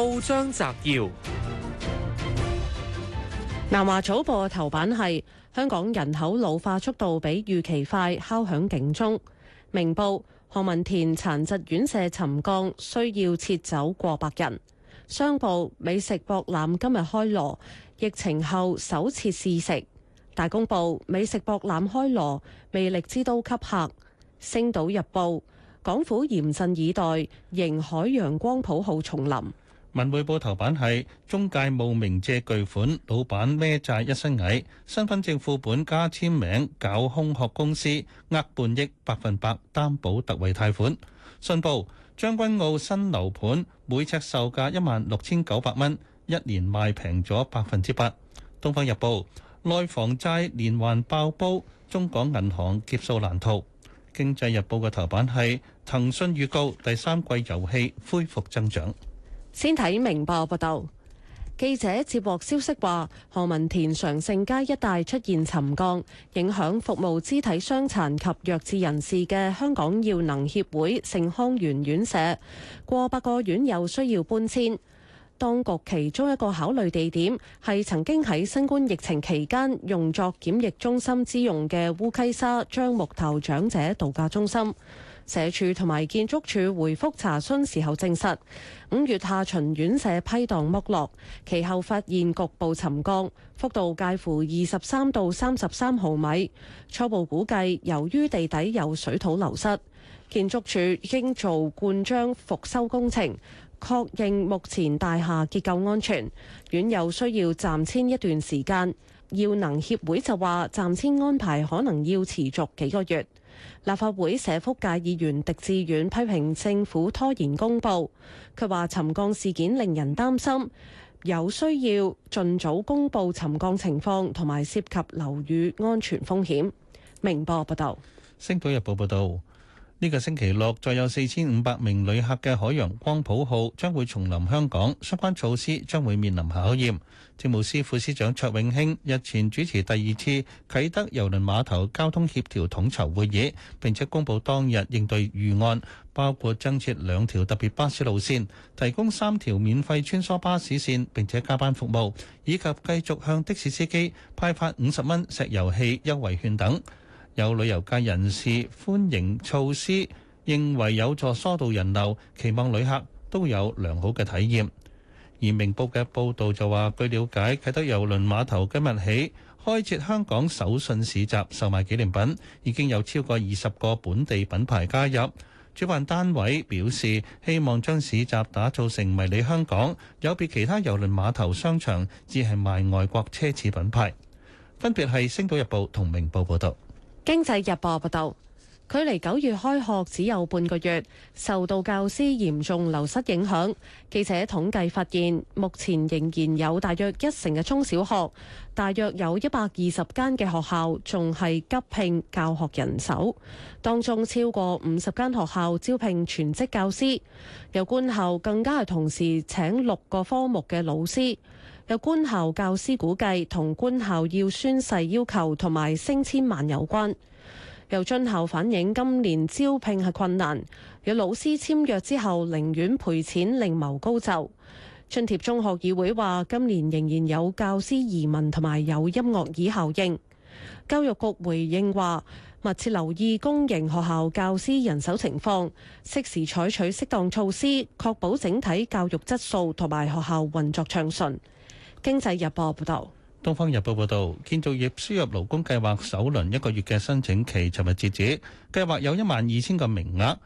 報章摘要：南華早報頭版係香港人口老化速度比預期快，敲響警鐘。明報何文田殘疾院舍沉降，需要撤走過百人。商報美食博覽今日開鑼，疫情後首次試食。大公報美食博覽開鑼，魅力之都吸客。星島日報港府嚴陣以待，迎海洋光譜號重臨。文匯報頭版係中介冒名借巨款，老闆孭債一身蟻，身份證副本加簽名搞空殼公司，呃半億百分百擔保特惠貸款。信報將軍澳新樓盤每尺售價一萬六千九百蚊，一年賣平咗百分之八。東方日報內房債連環爆煲，中港銀行劫數難逃。經濟日報嘅頭版係騰訊預告第三季遊戲恢復增長。先睇明報報導。記者接獲消息話，何文田常盛街一帶出現沉降，影響服務肢體傷殘及弱智人士嘅香港耀能協會盛康園院舍，過百個院友需要搬遷。當局其中一個考慮地點係曾經喺新冠疫情期間用作檢疫中心之用嘅烏溪沙樟木頭長者度假中心。社署同埋建築署回覆查詢時候證實，五月下旬院舍批盪剝落，其後發現局部沉降，幅度介乎二十三到三十三毫米。初步估計，由於地底有水土流失，建築署已經做灌漿復修工程，確認目前大廈結構安全。院友需要暫遷一段時間，耀能協會就話暫遷安排可能要持續幾個月。立法會社福界議員狄志遠批評政府拖延公布，佢話沉降事件令人擔心，有需要盡早公布沉降情況同埋涉及樓宇安全風險。明報報道，星島日報報道。呢個星期六，再有四千五百名旅客嘅海洋光譜號將會重臨香港，相關措施將會面臨考驗。政務司副司長卓永興日前主持第二次啟德郵輪碼頭交通協調統籌會議，並且公佈當日應對預案，包括增設兩條特別巴士路線，提供三條免費穿梭巴士線，並且加班服務，以及繼續向的士司機派發五十蚊石油氣優惠券等。有旅遊界人士歡迎措施，認為有助疏導人流，期望旅客都有良好嘅體驗。而明報嘅報導就話，據了解，啟德郵輪碼頭今日起開設香港手信市集，售賣紀念品，已經有超過二十個本地品牌加入。主辦單位表示，希望將市集打造成迷你香港，有別其他郵輪碼頭商場，只係賣外國奢侈品牌。分別係《星島日報》同《明報》報道。經濟日報報道，距離九月開學只有半個月，受到教師嚴重流失影響，記者統計發現，目前仍然有大約一成嘅中小學，大約有一百二十間嘅學校仲係急聘教學人手，當中超過五十間學校招聘全職教師，有官校更加係同時請六個科目嘅老師。有官校教師估計，同官校要宣誓要求同埋升千萬有關。有津校反映今年招聘係困難，有老師簽約之後寧願賠錢另謀高就。津貼中學議會話，今年仍然有教師移民同埋有音樂椅效應。教育局回應話，密切留意公營學校教師人手情況，適時採取適當措施，確保整體教育質素同埋學校運作暢順。經濟日報報道，東方日報報道，建造業輸入勞工計劃首輪一個月嘅申請期，尋日截止，計劃有一萬二千個名額，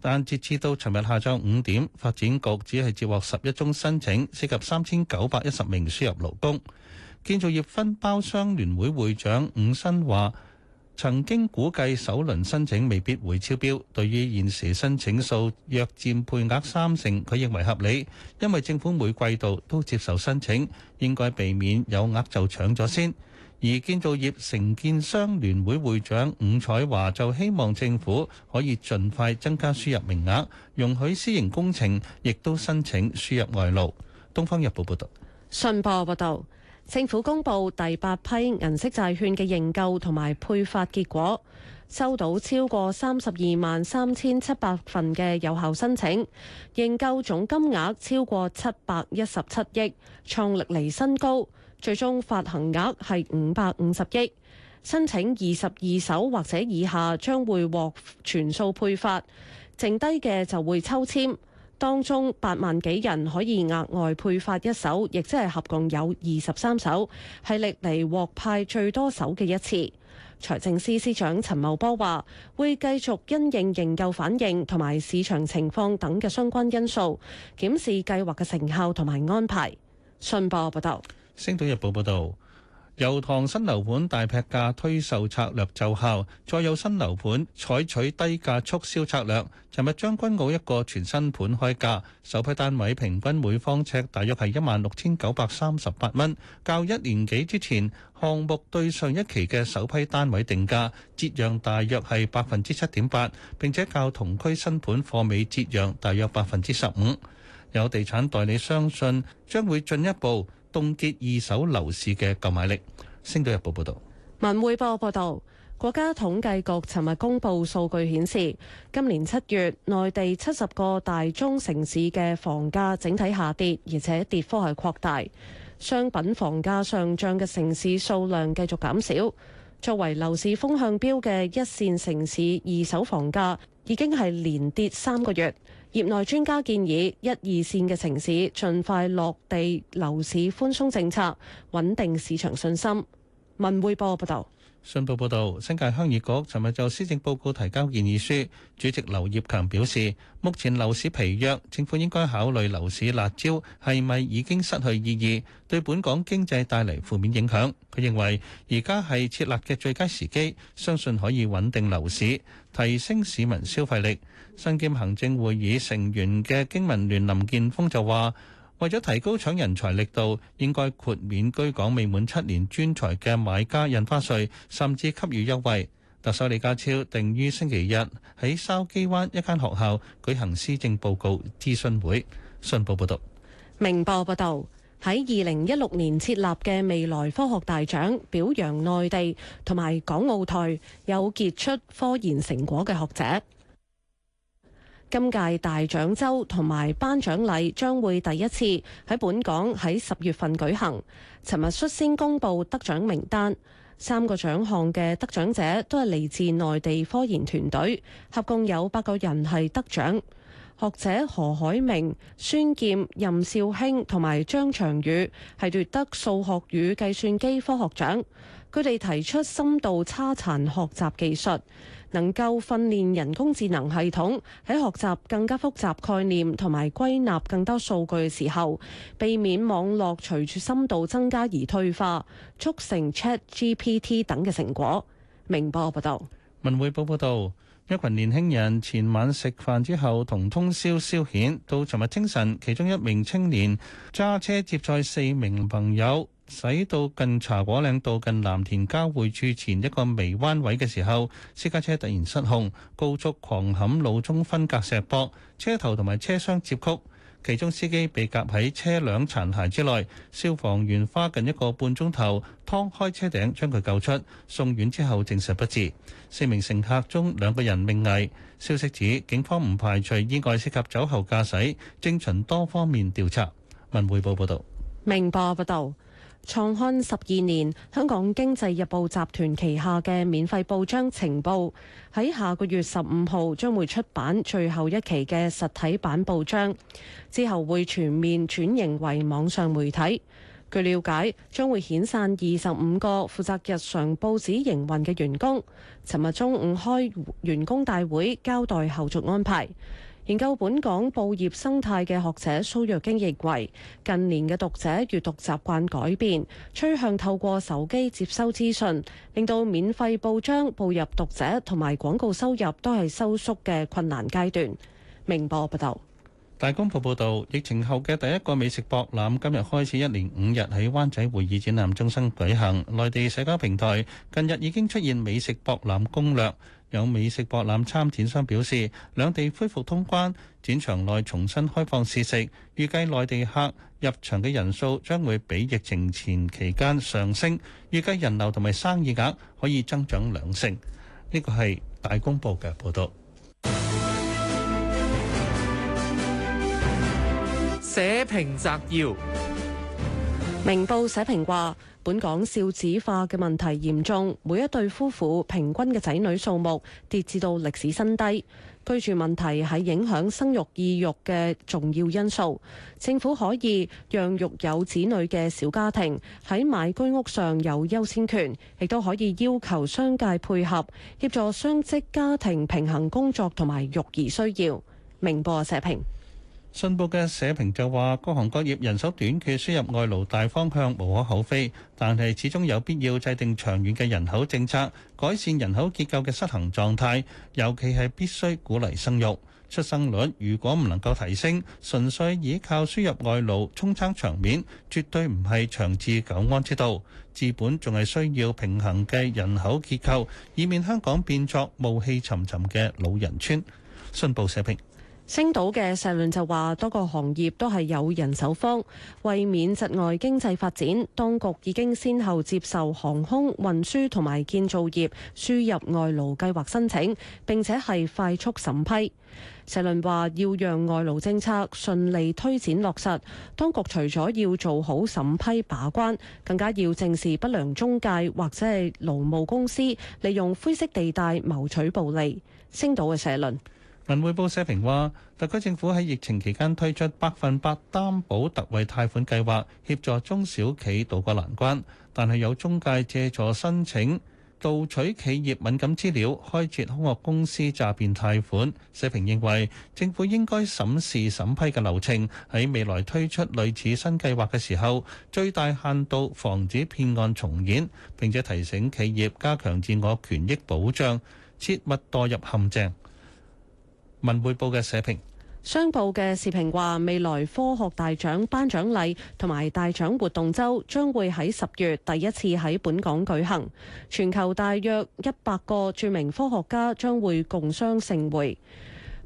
但截至到尋日下晝五點，發展局只係接獲十一宗申請，涉及三千九百一十名輸入勞工。建造業分包商聯會會長伍新華。曾經估計首輪申請未必會超標，對於現時申請數約佔配額三成，佢認為合理，因為政府每季度都接受申請，應該避免有額就搶咗先。而建造業承建商聯會會長伍彩華就希望政府可以盡快增加輸入名額，容許私營工程亦都申請輸入外勞。《東方日報》報道，信報報道。政府公布第八批銀色債券嘅認購同埋配發結果，收到超過三十二萬三千七百份嘅有效申請，認購總金額超過七百一十七億，創歷來新高。最終發行額係五百五十億，申請二十二手或者以下將會獲全數配發，剩低嘅就會抽籤。當中八萬幾人可以額外配發一手，亦即係合共有二十三手，係歷來獲派最多手嘅一次。財政司司長陳茂波話，會繼續因應營救反應同埋市場情況等嘅相關因素，檢視計劃嘅成效同埋安排。信報報道，《星島日報》報道。油塘新樓盤大劈價推售策略奏效，再有新樓盤採取低價促銷策略。尋日將軍澳一個全新盤開價，首批單位平均每方呎大約係一萬六千九百三十八蚊，較一年幾之前項目對上一期嘅首批單位定價折讓大約係百分之七點八，並且較同區新盤貨尾折讓大約百分之十五。有地產代理相信將會進一步。凍結二手樓市嘅購買力。星島日報報道。文匯報報道，國家統計局尋日公布數據顯示，今年七月內地七十個大中城市嘅房價整體下跌，而且跌幅係擴大。商品房價上漲嘅城市數量繼續減少。作為樓市風向標嘅一線城市二手房價已經係連跌三個月。業內專家建議，一二線嘅城市盡快落地樓市寬鬆政策，穩定市場信心。文匯報報道。信報報導，新界鄉議局尋日就施政報告提交建議書，主席劉業強表示，目前樓市疲弱，政府應該考慮樓市辣招係咪已經失去意義，對本港經濟帶嚟負面影響。佢認為而家係撤辣嘅最佳時機，相信可以穩定樓市，提升市民消費力。身兼行政會議成員嘅經民聯林健鋒就話，為咗提高搶人才力度，應該豁免居港未滿七年專才嘅買家印花稅，甚至給予優惠。特首李家超定於星期日喺筲箕灣一間學校舉行施政報告諮詢會。信報報道。明報報道，喺二零一六年設立嘅未來科學大獎，表揚內地同埋港澳台有傑出科研成果嘅學者。今屆大獎周同埋頒獎禮將會第一次喺本港喺十月份舉行。尋日率先公布得獎名單，三個獎項嘅得獎者都係嚟自內地科研團隊，合共有八個人係得獎。學者何愷明、孫劍、任少卿同埋張長宇係奪得數學與計算機科學獎。佢哋提出深度差殘學習技術。能夠訓練人工智能系統喺學習更加複雜概念同埋歸納更多數據嘅時候，避免網絡隨住深度增加而退化，促成 ChatGPT 等嘅成果。明報報道，文匯報報道，一群年輕人前晚食飯之後同通宵消，消遣，到尋日清晨，其中一名青年揸車接載四名朋友。使到近茶果嶺道近藍田交匯處前一個微彎位嘅時候，私家車突然失控，高速狂冚路中分隔石膊，車頭同埋車廂接曲，其中司機被夾喺車輛殘骸之內。消防員花近一個半鐘頭劏開車頂，將佢救出，送院之後證實不治。四名乘客中兩個人命危。消息指警方唔排除意外涉及酒後駕駛，正尋多方面調查。文匯報報道，明報報道。創刊十二年，香港經濟日報集團旗下嘅免費報章《情報》喺下個月十五號將會出版最後一期嘅實體版報章，之後會全面轉型為網上媒體。據了解，將會遣散二十五個負責日常報紙營運嘅員工。尋日中午開員工大會，交代後續安排。研究本港報業生態嘅學者蘇若京認為，近年嘅讀者閱讀習慣改變，趨向透過手機接收資訊，令到免費報章步入讀者同埋廣告收入都係收縮嘅困難階段。明報報道。大公報報道，疫情後嘅第一個美食博覽今日開始，一連五日喺灣仔會議展覽中心舉行。內地社交平台近日已經出現美食博覽攻略。有美食博覽參展商表示，兩地恢復通關，展場內重新開放試食，預計內地客入場嘅人數將會比疫情前期間上升，預計人流同埋生意額可以增長兩成。呢個係大公報嘅報道。社評摘要，明報社評話。本港少子化嘅問題嚴重，每一對夫婦平均嘅仔女數目跌至到歷史新低。居住問題係影響生育意欲嘅重要因素。政府可以讓育有子女嘅小家庭喺買居屋上有優先權，亦都可以要求商界配合，信報嘅社評就話：各行各業人手短缺，輸入外勞大方向無可厚非，但係始終有必要制定長遠嘅人口政策，改善人口結構嘅失衡狀態，尤其係必須鼓勵生育。出生率如果唔能夠提升，純粹依靠輸入外勞充撐場面，絕對唔係長治久安之道。治本仲係需要平衡嘅人口結構，以免香港變作暮氣沉沉嘅老人村。信報社評。星島嘅社論就話，多個行業都係有人手荒。為免窒礙經濟發展，當局已經先後接受航空運輸同埋建造業輸入外勞計劃申請，並且係快速審批。社論話，要讓外勞政策順利推展落實，當局除咗要做好審批把關，更加要正視不良中介或者係勞務公司利用灰色地帶謀取暴利。星島嘅社論。文匯報社評話，特區政府喺疫情期間推出百分百擔保特惠貸款計劃，協助中小企渡過難關。但係有中介借助申請，盜取企業敏感資料，開設空殼公司詐騙貸款。社評認為，政府應該審視審批嘅流程，喺未來推出類似新計劃嘅時候，最大限度防止騙案重演，並且提醒企業加強自我權益保障，切勿墮入陷阱。文匯報嘅社評，商報嘅時評話，未來科學大獎頒獎禮同埋大獎活動週將會喺十月第一次喺本港舉行，全球大約一百個著名科學家將會共襄盛會。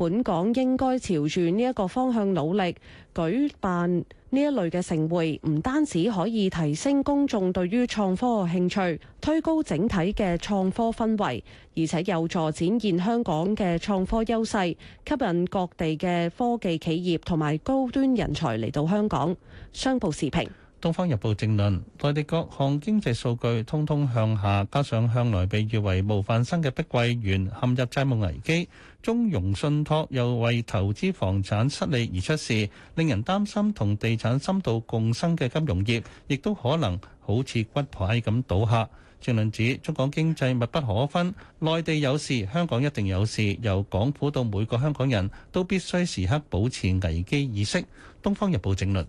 本港應該朝住呢一個方向努力，舉辦呢一類嘅盛會，唔單止可以提升公眾對於創科嘅興趣，推高整體嘅創科氛圍，而且有助展現香港嘅創科優勢，吸引各地嘅科技企業同埋高端人才嚟到香港。商報視頻。《東方日報》政論：內地各項經濟數據通通向下，加上向來被譽為模範生嘅碧桂園陷入債務危機，中融信託又為投資房產失利而出事，令人擔心同地產深度共生嘅金融業，亦都可能好似骨牌咁倒下。政論指中港經濟密不可分，內地有事香港一定有事，由港府到每個香港人都必須時刻保持危機意識。《東方日報》政論。